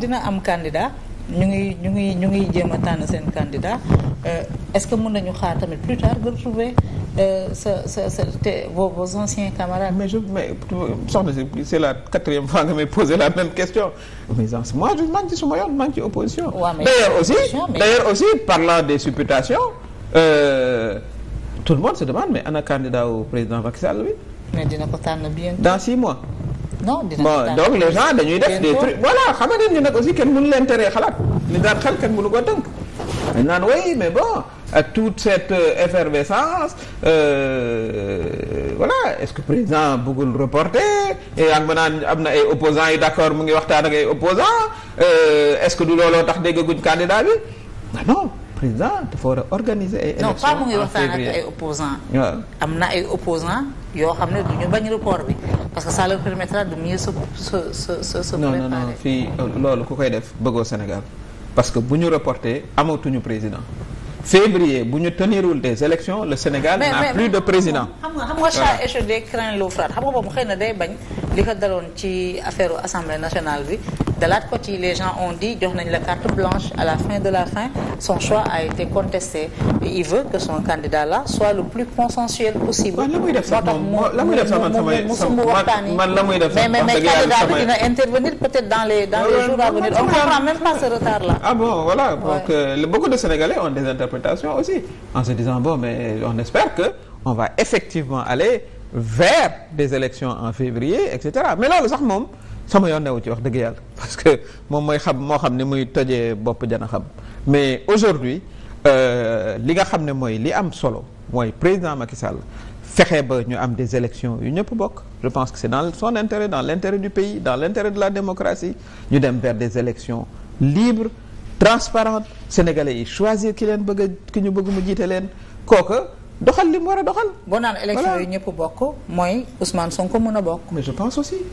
dina am candidat ñu ngi ñu ngi ñu ngi jéem a tànn seen candidat euh, est-ce que mën nañu xaar tamit plus tard nga retrouver euh, sa sa sa te vos vos anciens camarades. mais je mais soxna si c'est la quatrième fois nga may poser la même question mais moi je maa ngi ci suma yoon maa ngi ci opposition. waaw mais d'ailleurs aussi d'ailleurs aussi parlant des supputations euh, tout le monde se demande mais ana candidat au président Macky Sall bi. mais dina ko tànn bien. dans six mois. non bon donc les gens dañuy def des trucs voilà xam ngeen ñu nag aussi kenn mënu leen tere xalaat li daan xel kenn mënu ko tënk dañ naan oui mais bon ak tout cette euh, effervescence euh, voilà est-ce que président bëggul reporter yaa ngi ma naan am na ay opposants yu d'accord mu ngi waxtaan ak ay opposants euh, est-ce que du looloo tax déggaguñ candidat bi ah non président dafa war a organiser ay élections non pas mu ngi waxtaan ak ay am na ay opposants yoo xam ne du ñu bañ report bi parce que ça leur permettra de mieux se se se se se préparer. non non non fii loolu ku koy def bëggoo Sénégal parce que bu ñu reporté amatuñu président. février bu ñu tenirul des élections le Sénégal n'a plus de président xam nga xam nga chat échaudé craint l'eau froide xam nga boobu xëy na day bañ li ko daloon ci affaire assemblée nationale bi De l'autre côté, les gens ont dit, jox nañ la carte blanche à la fin de la fin, son choix a été contesté. Et il veut que son candidat-là soit le plus consensuel possible. la muy def sax moom man la muy def mais mais candidat bi dina intervenir peut-être dans les dans les jours à on comprend retard-là. Ah bon voilà donc euh, beaucoup de Sénégalais ont des interprétations aussi en se disant bon mais on espère que on va effectivement aller vers des élections en février et cetera mais sax moom sama yoon newu ci wax dëgg yàlla. moom mooy xam moo xam ne muy tojee bopp jana xam mais aujourd'hui euh, li nga xam ne mooy li am solo mooy président Macky Sall fexe ba ñu am des élections yu ñëpp bokk je pense que c'est dans son intérêt dans l'intérêt du pays dans l'intérêt de la démocratie ñu dem vers des élections libres transparentes sénégalais yi choisir ki leen bëgg ki ñu bëgg mu jiite leen kooka doxal li mu war a doxal. boo naan élections yi ñëpp bokk mooy Ousmane ko mën a bokk. je pense aussi.